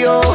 Dios.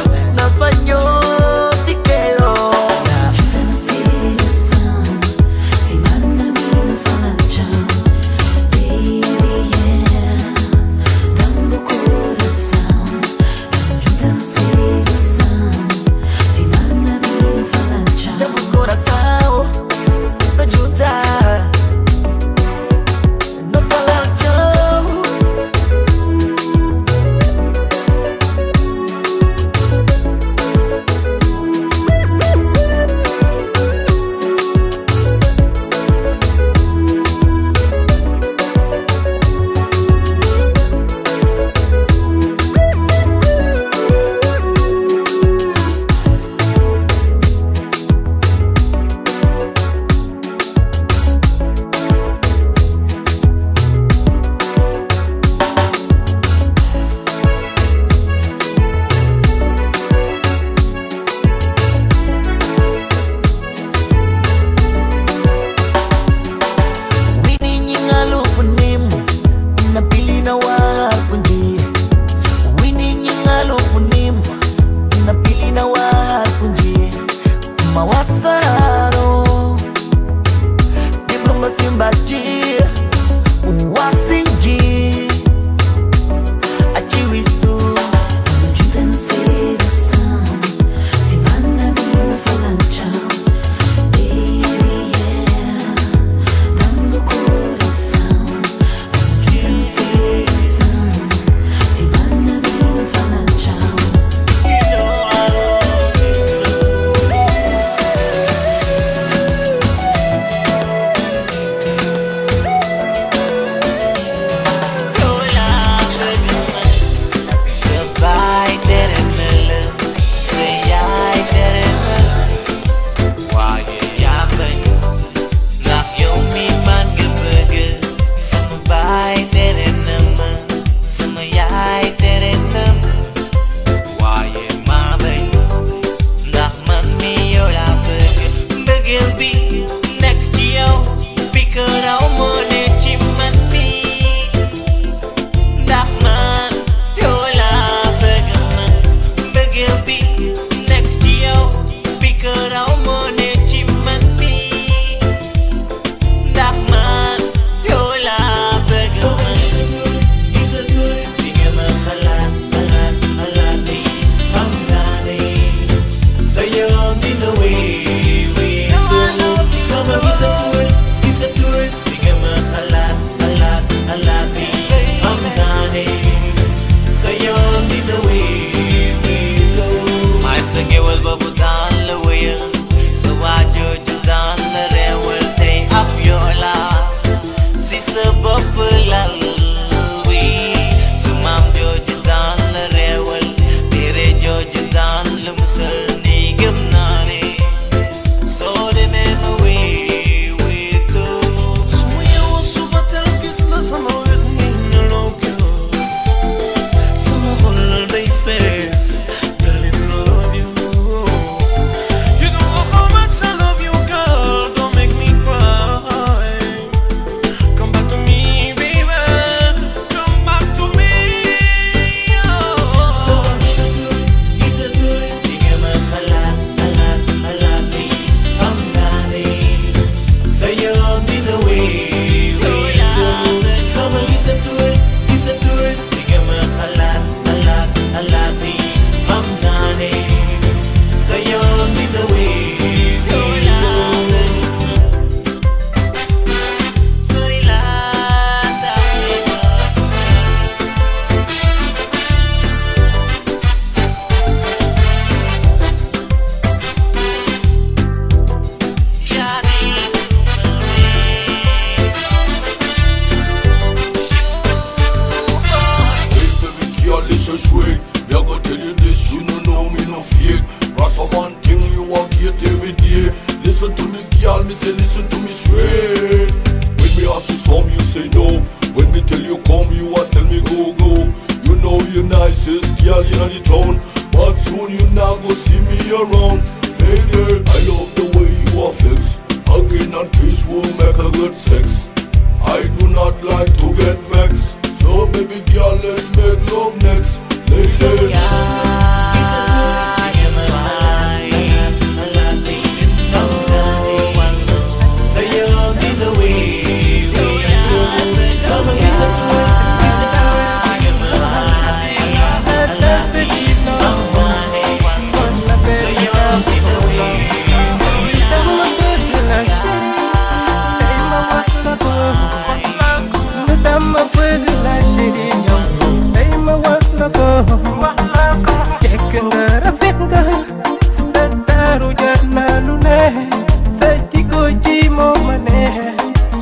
neex sa jikko ji moo ma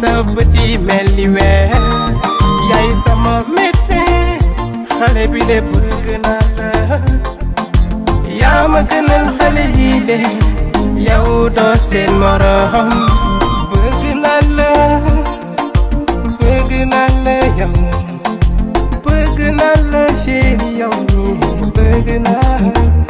sa bët yi mel ni weer yaay sama médecin xale bi de bëgg naa xale yi de yow morom bëgg naa la bëgg naa la yow bëgg naa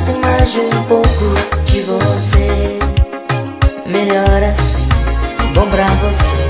trazem mais um pouco de você. Melhor assim, bom pra você.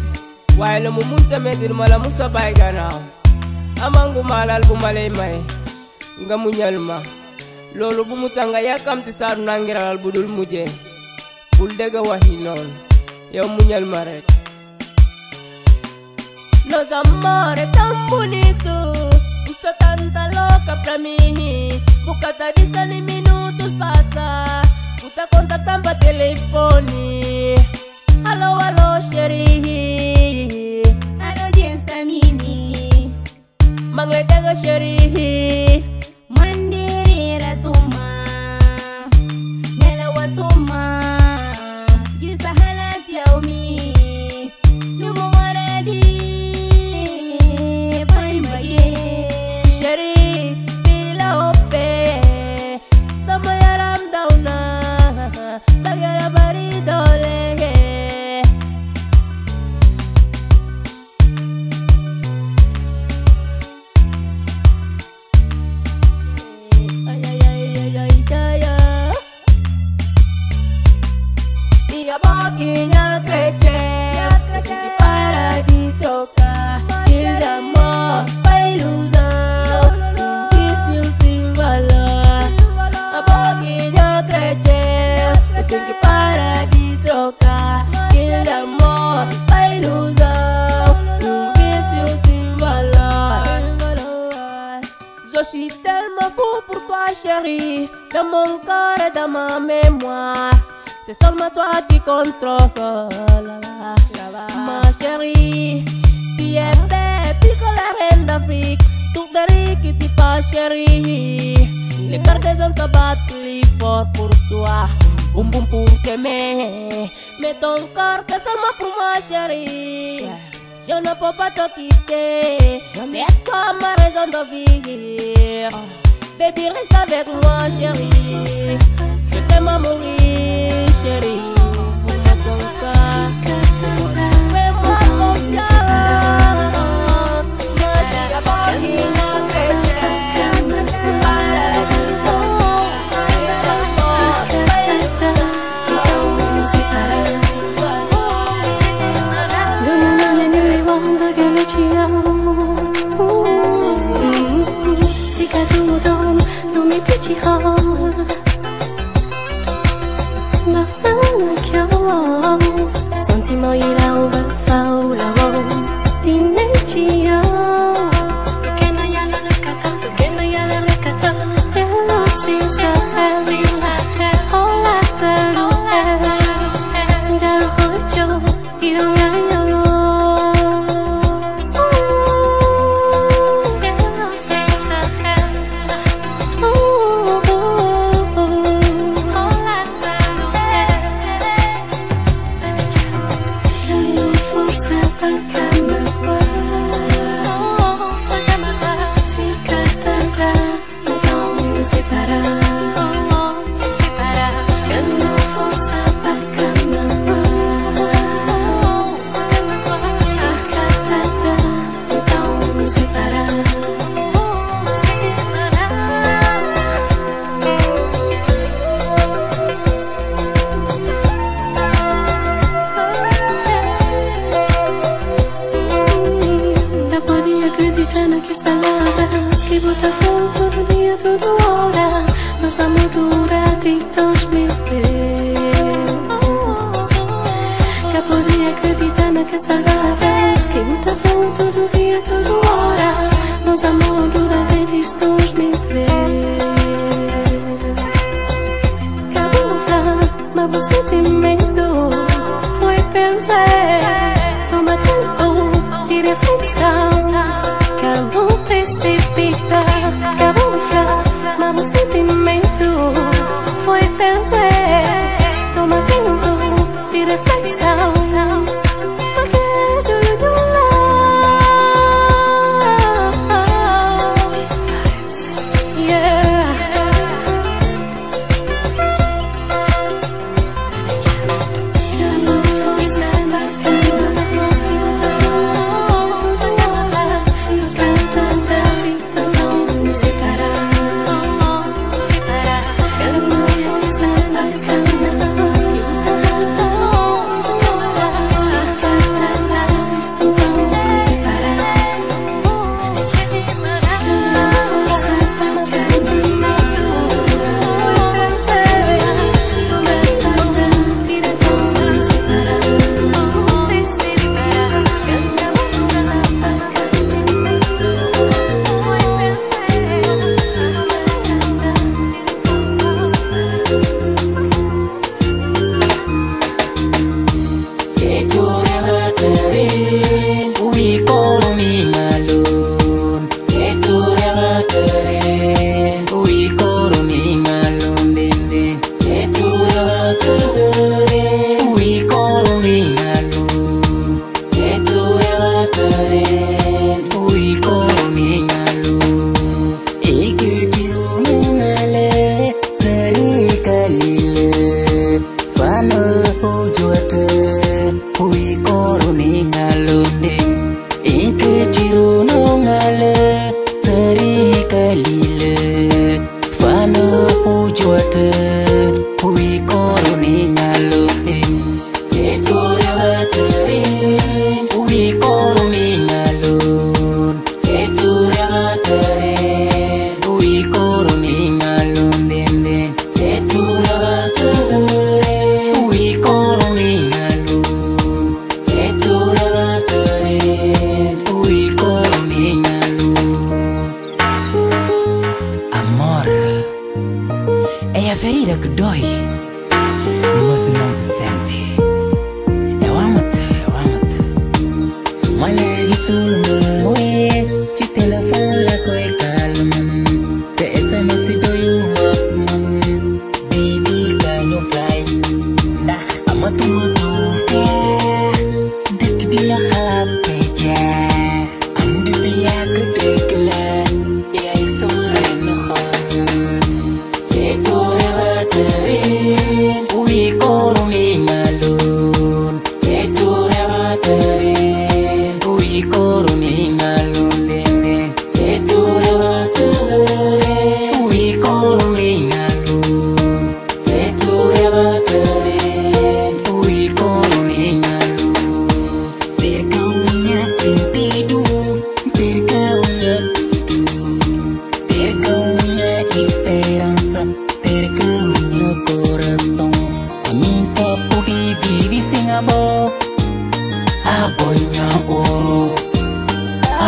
waaye la mu munta mettit ma la musa bàyyi gannaaw amangu maalal bu may nga muñal ma loolu bu mu tax nga yàkkamti saadu naa ngiralal bu dul mujjee bul dégg waxi noonu muñal ma rek Los amores tan bonitos, gusto tanta loca pra mí. Bucatariza ni minutos pasa, puta conta mini mang lay dégg chéri fou pour toi chérie Dans mon corps et dans ma mémoire C'est seulement toi qui contrôle oh, Ma chérie Tu es plus que d'Afrique Tout de riz qui pas chérie Les cartes se battent plus fort pour toi Boum pour t'aimer Mais ton corps c'est seulement pour moi chérie Je ne peux pas quitter C'est toi ma raison de Baby, reste avec moi, chérie. Je t'aime à mourir, chérie.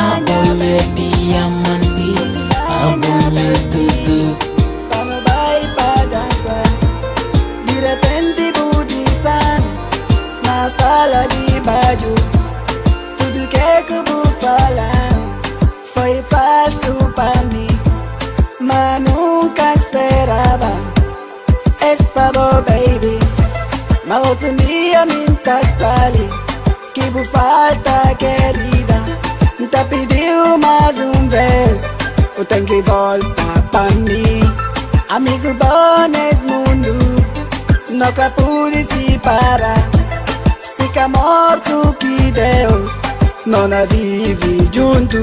maa boole di yam they fall upon me Amigo bones mundo Nunca pude separar Fica morto que Deus Não na vive junto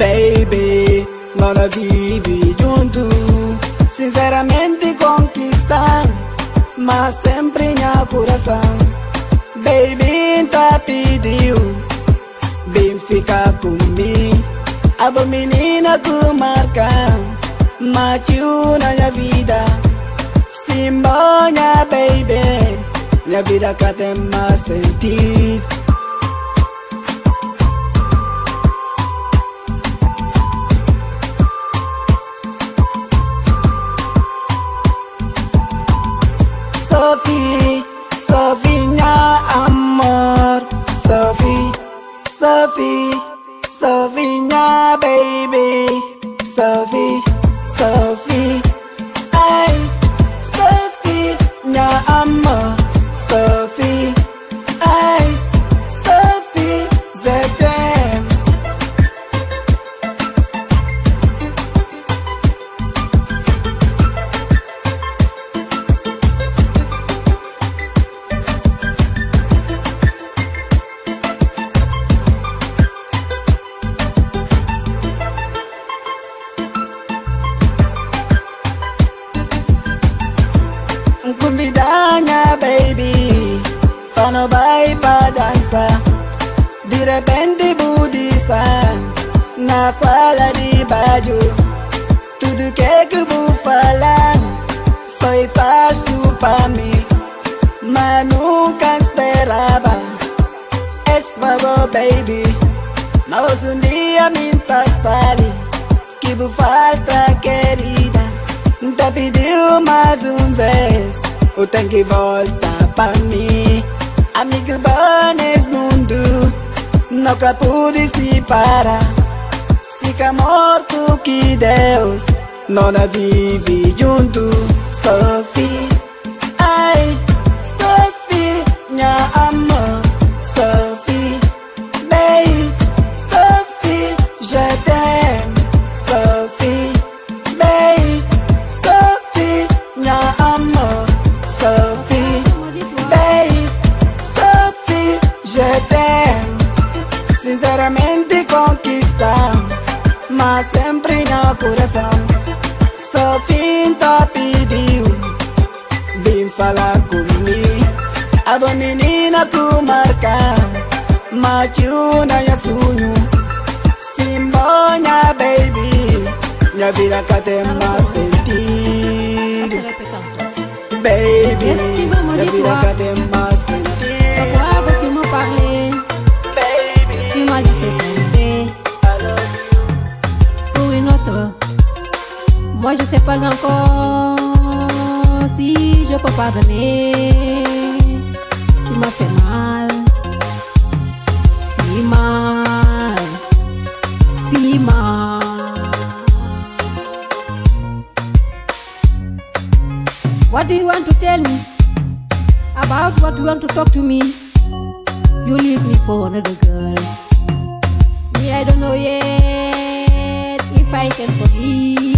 Baby, não na vive junto Sinceramente conquistar Mas sempre em coração Baby, tá pediu Vem ficar comigo Aba menina que marca Matiu na minha vida Simba, minha baby Minha vida cá tem mais sentido Sophie, Sophie, minha amor Sophie, Slovenia, baby Slovi, Slovi Ay, Slovenia, I'm vez O oh, tem que voltar pra mim Amiga boa nesse mundo Nunca pude se parar Fica morto que Deus Nona vive junto Sofia coração Só vim tá pediu um Vim falar comigo A boa menina tu marca Matiuna e assunho Simbonha baby Minha vida cá tem mais sentido Baby Minha vida cá tem mais Moi je pas encore si je peux pardonner. Tu m'as mal, si mal, si mal. What do you want to tell me about what you want to talk to me? You leave me for another girl. Me, I don't know yet if I can forgive.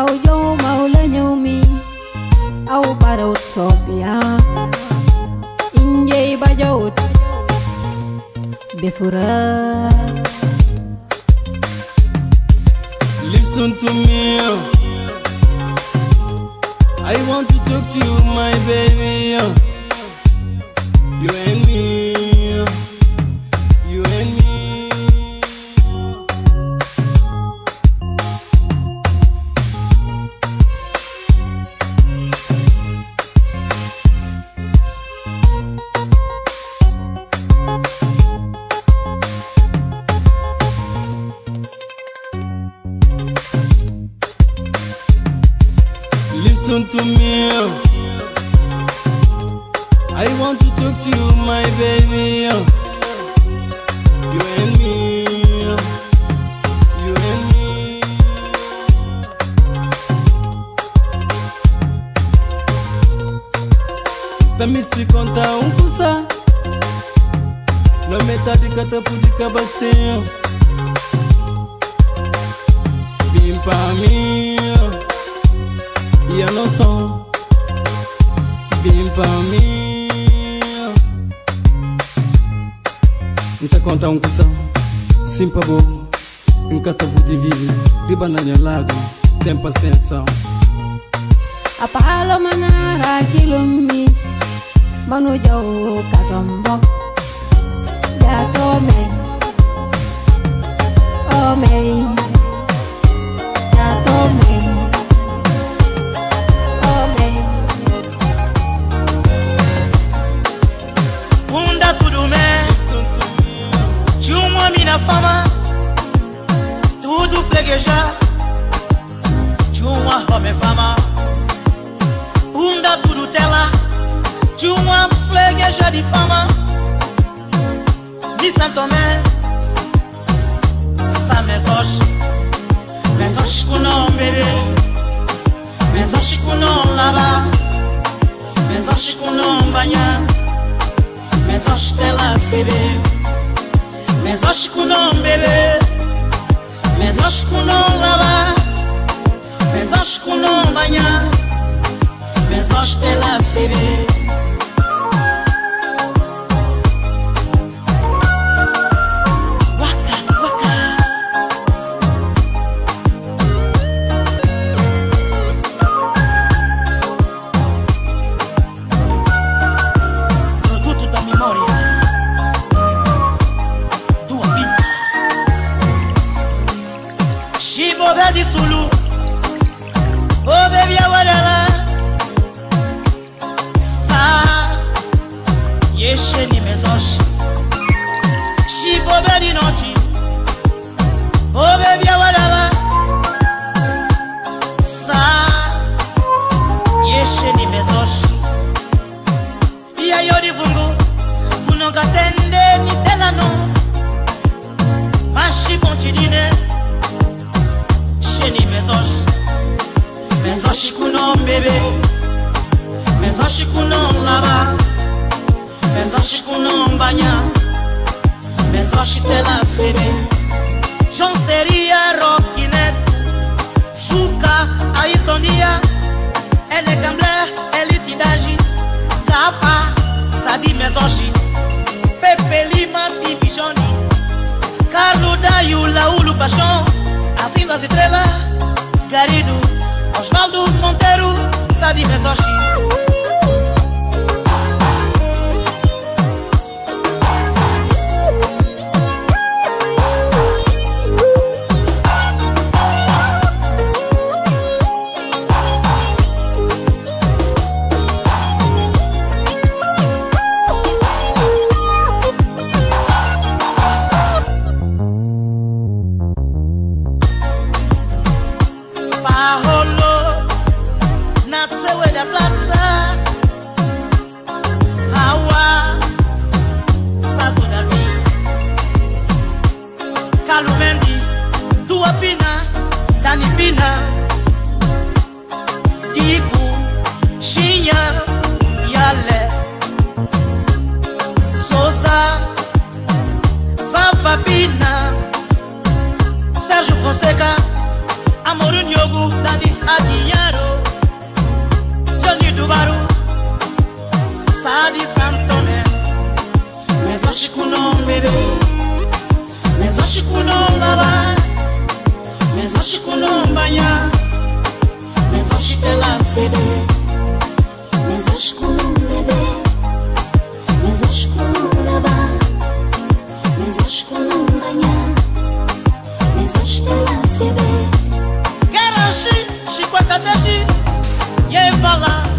aw yoom aw leñow mi aw barawut soob yaa injey bajawut befura listen to me I want to talk to my baby e falar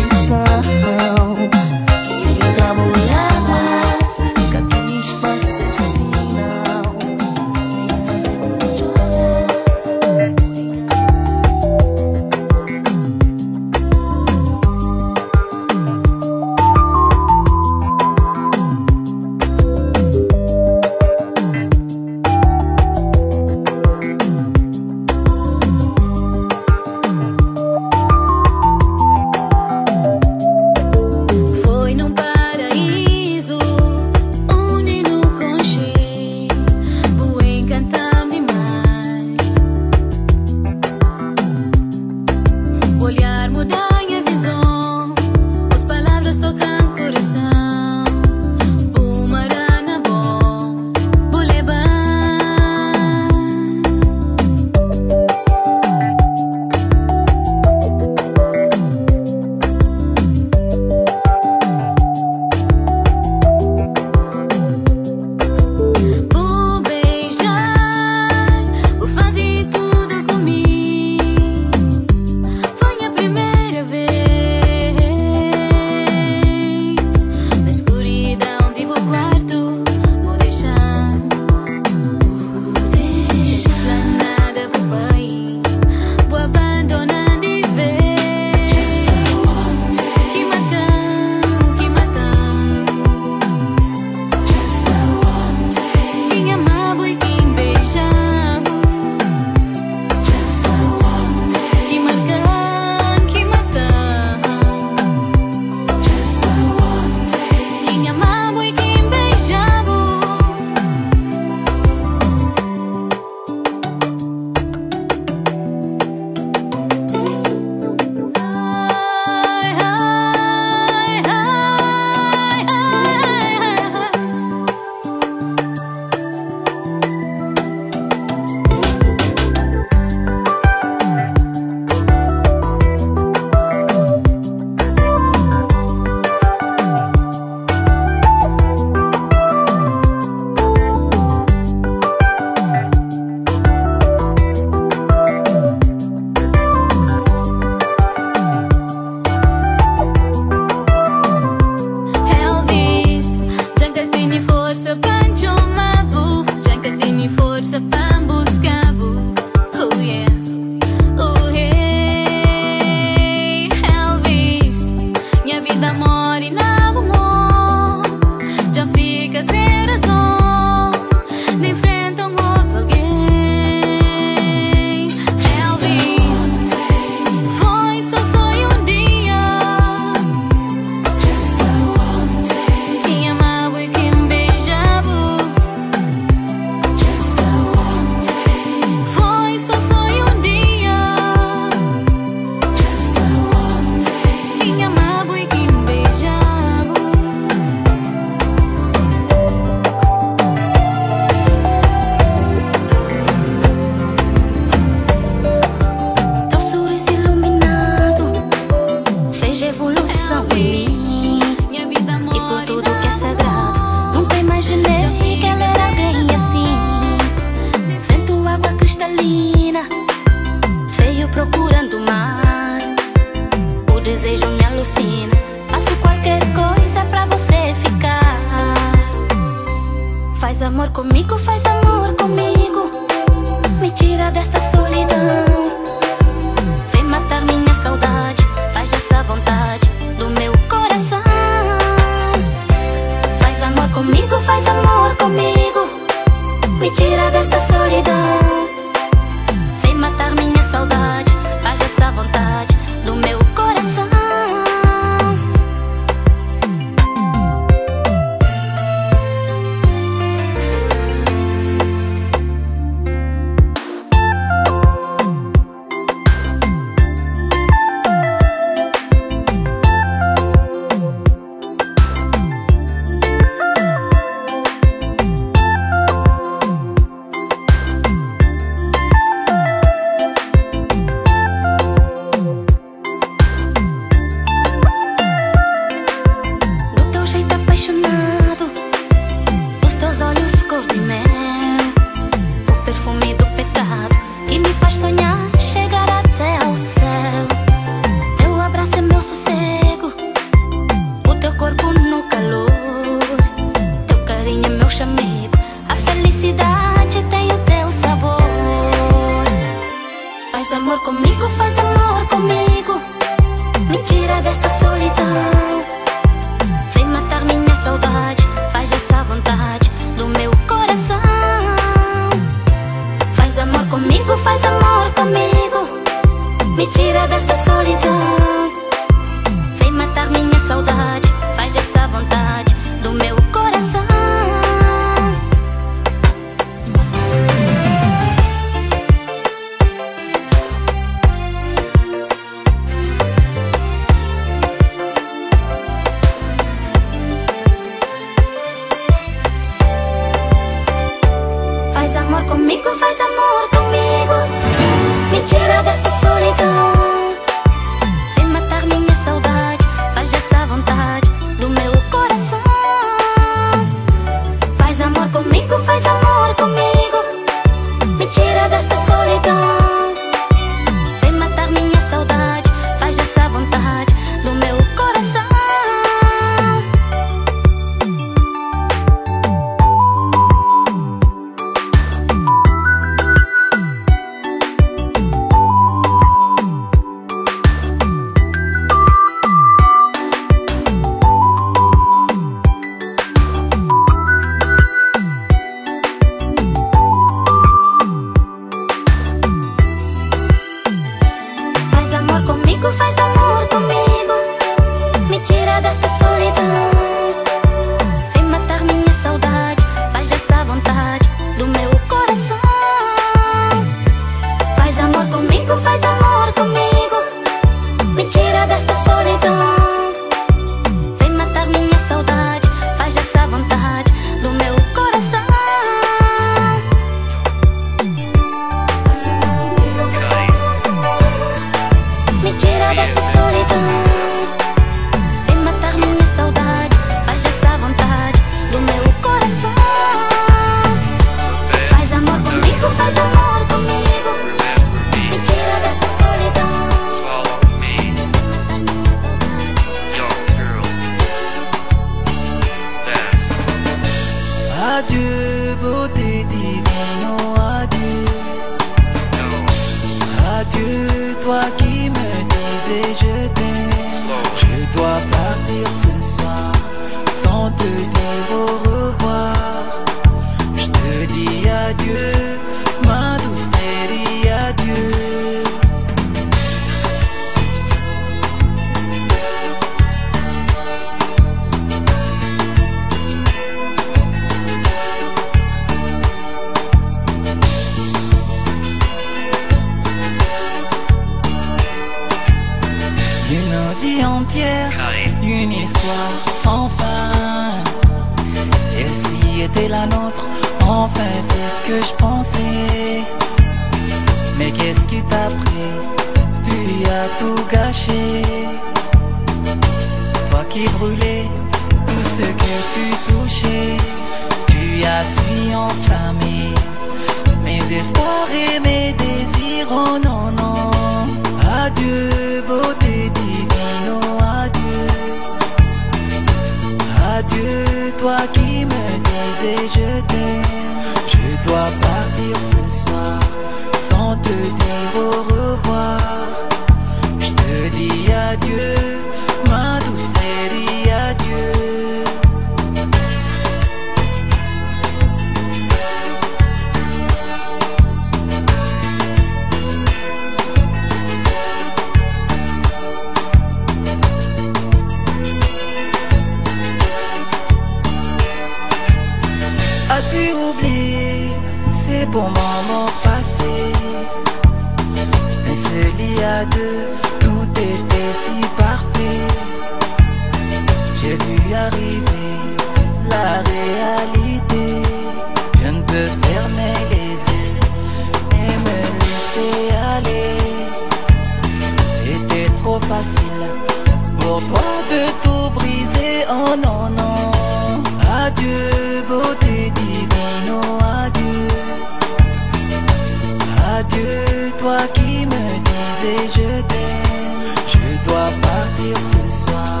adieu, toi qui me disais je t'aime. Je dois partir ce soir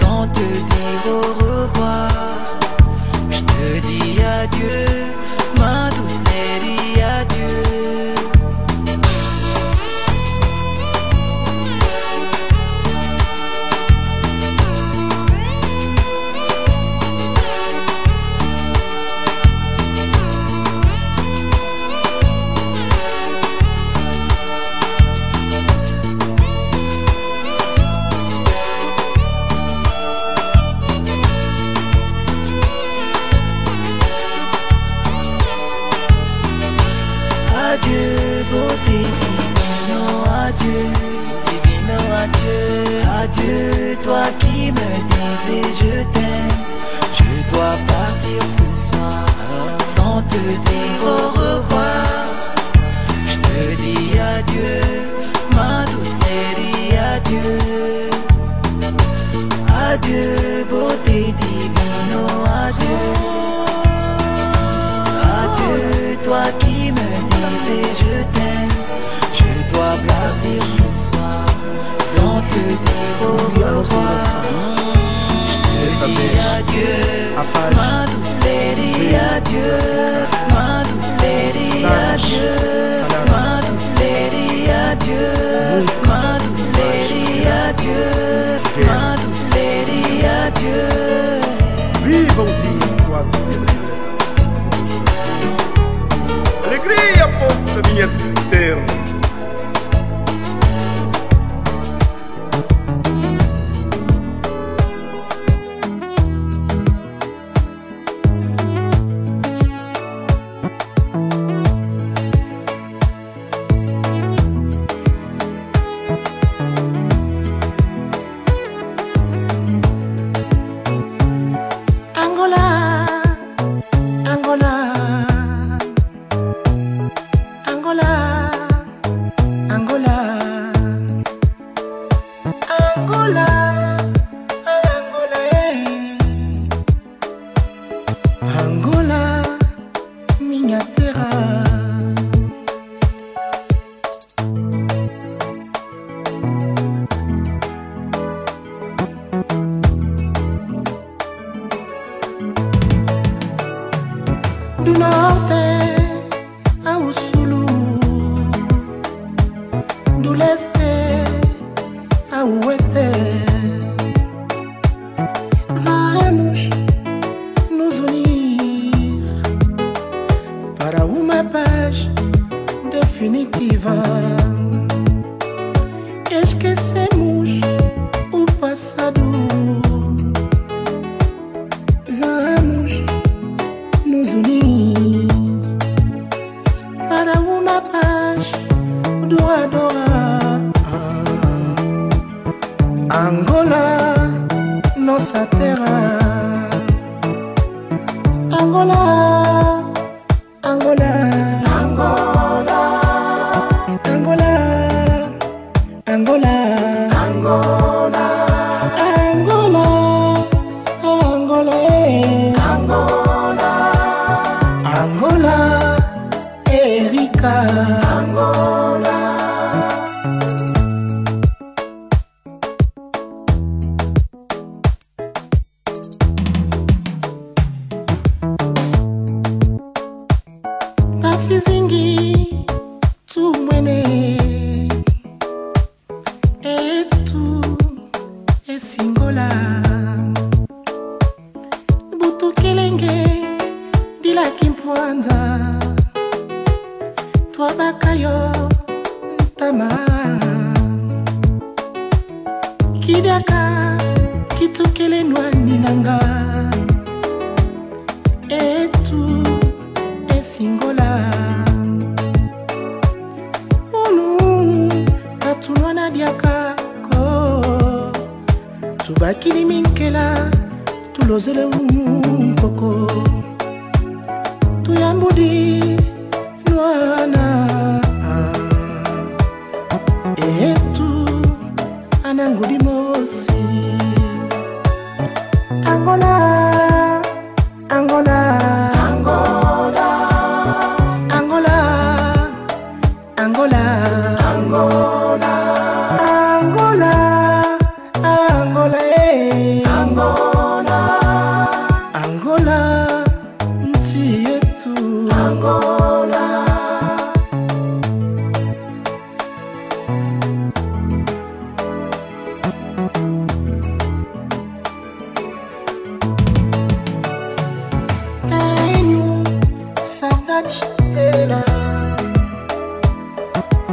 sans te dire au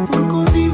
Convive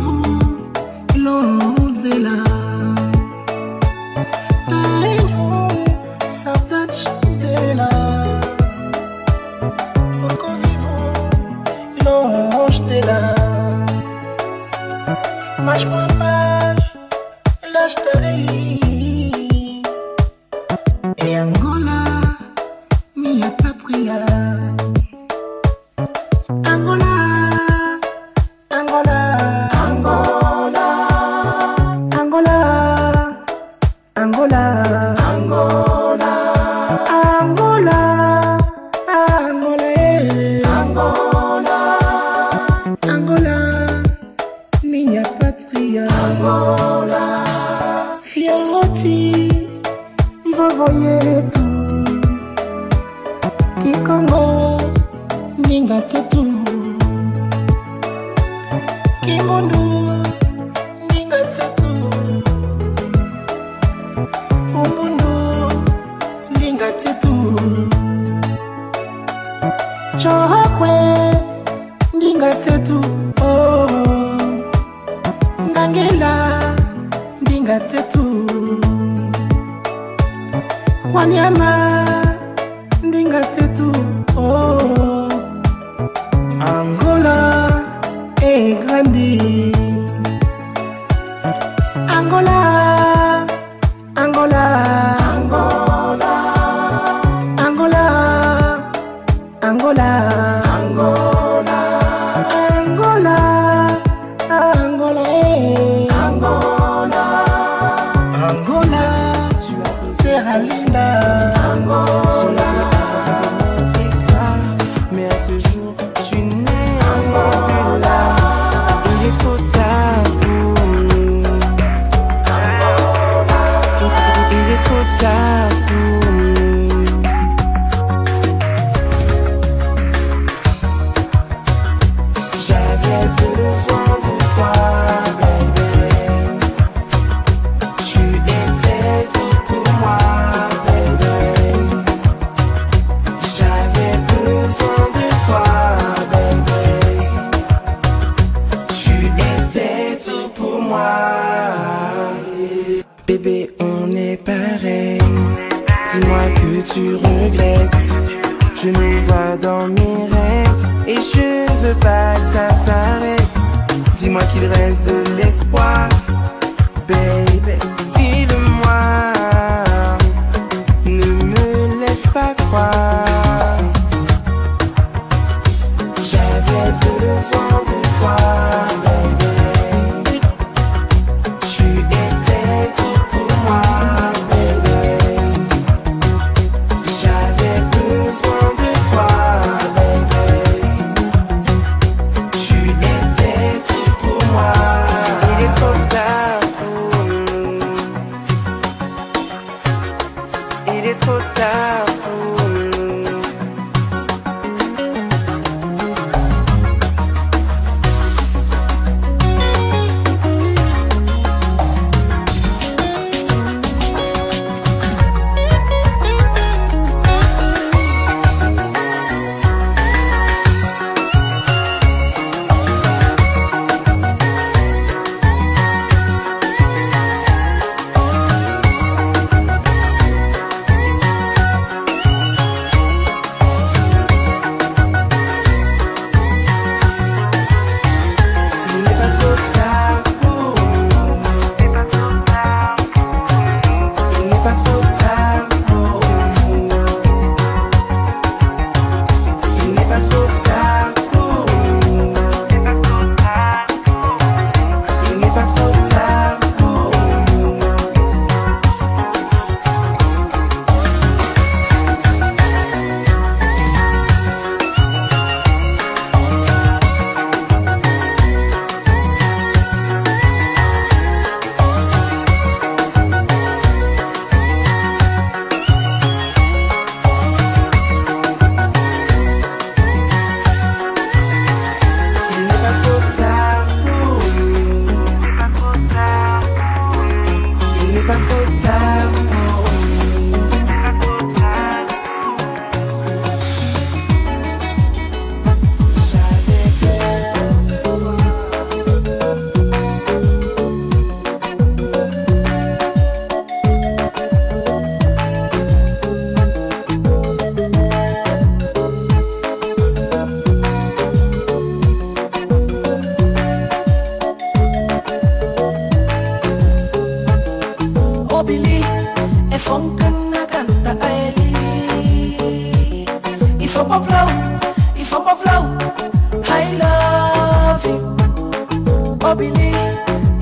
il reste de l'espoir.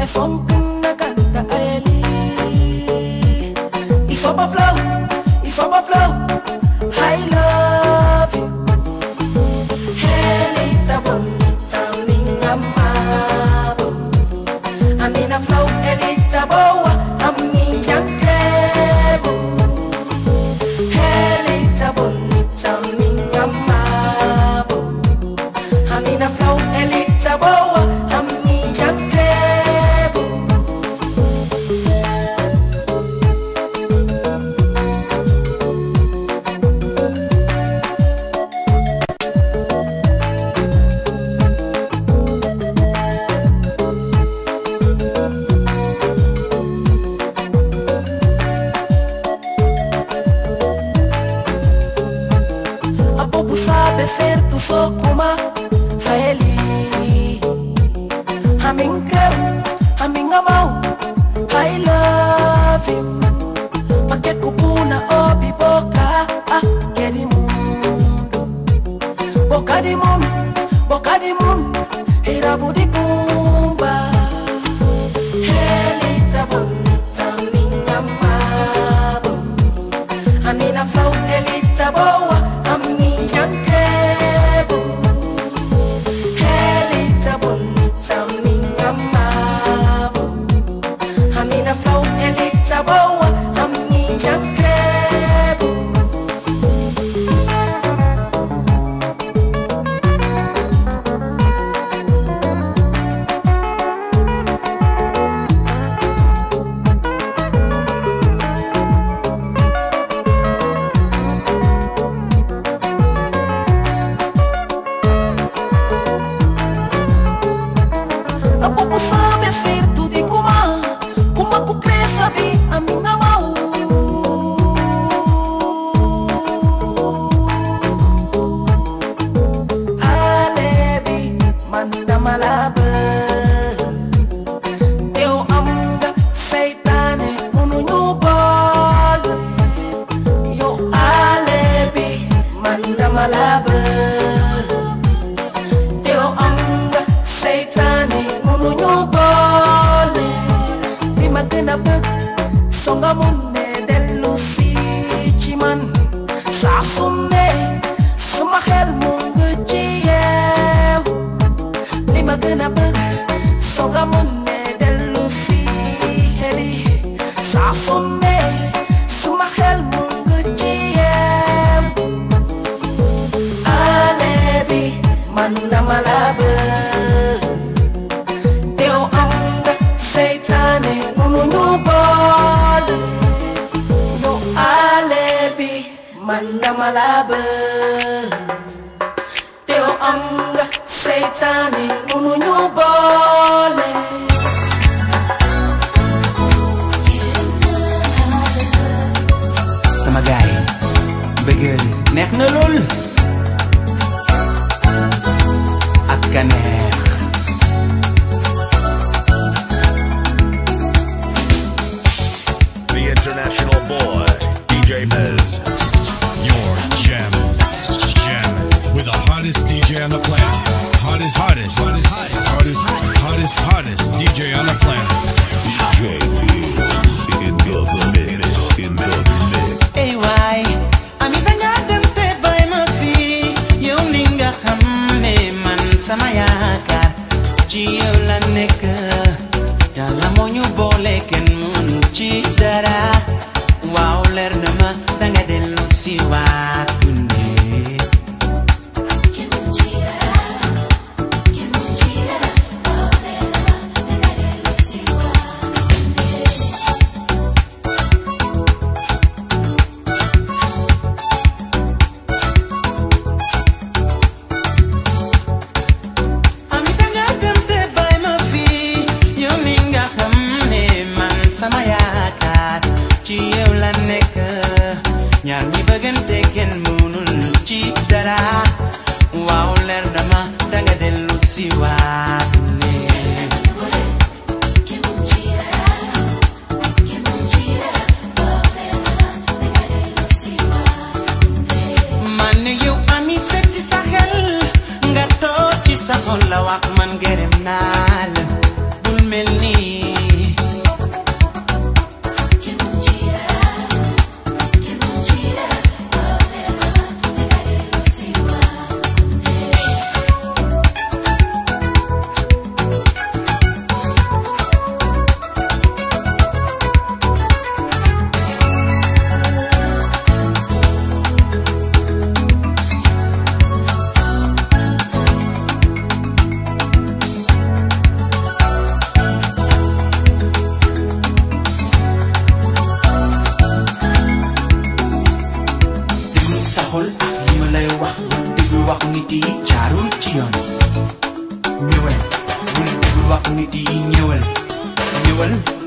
If I'm a flow, if I'm a flow saa su ne suma xel mu ngi ci yeew année bi man dama la bëgg teew am nga seytaane mënuñu bool ñu année bi man dama la bëgg teew am nga seytaane neex na lool unity jaarul ci yoon ñëwal bul wax unity ñëwal ñëwal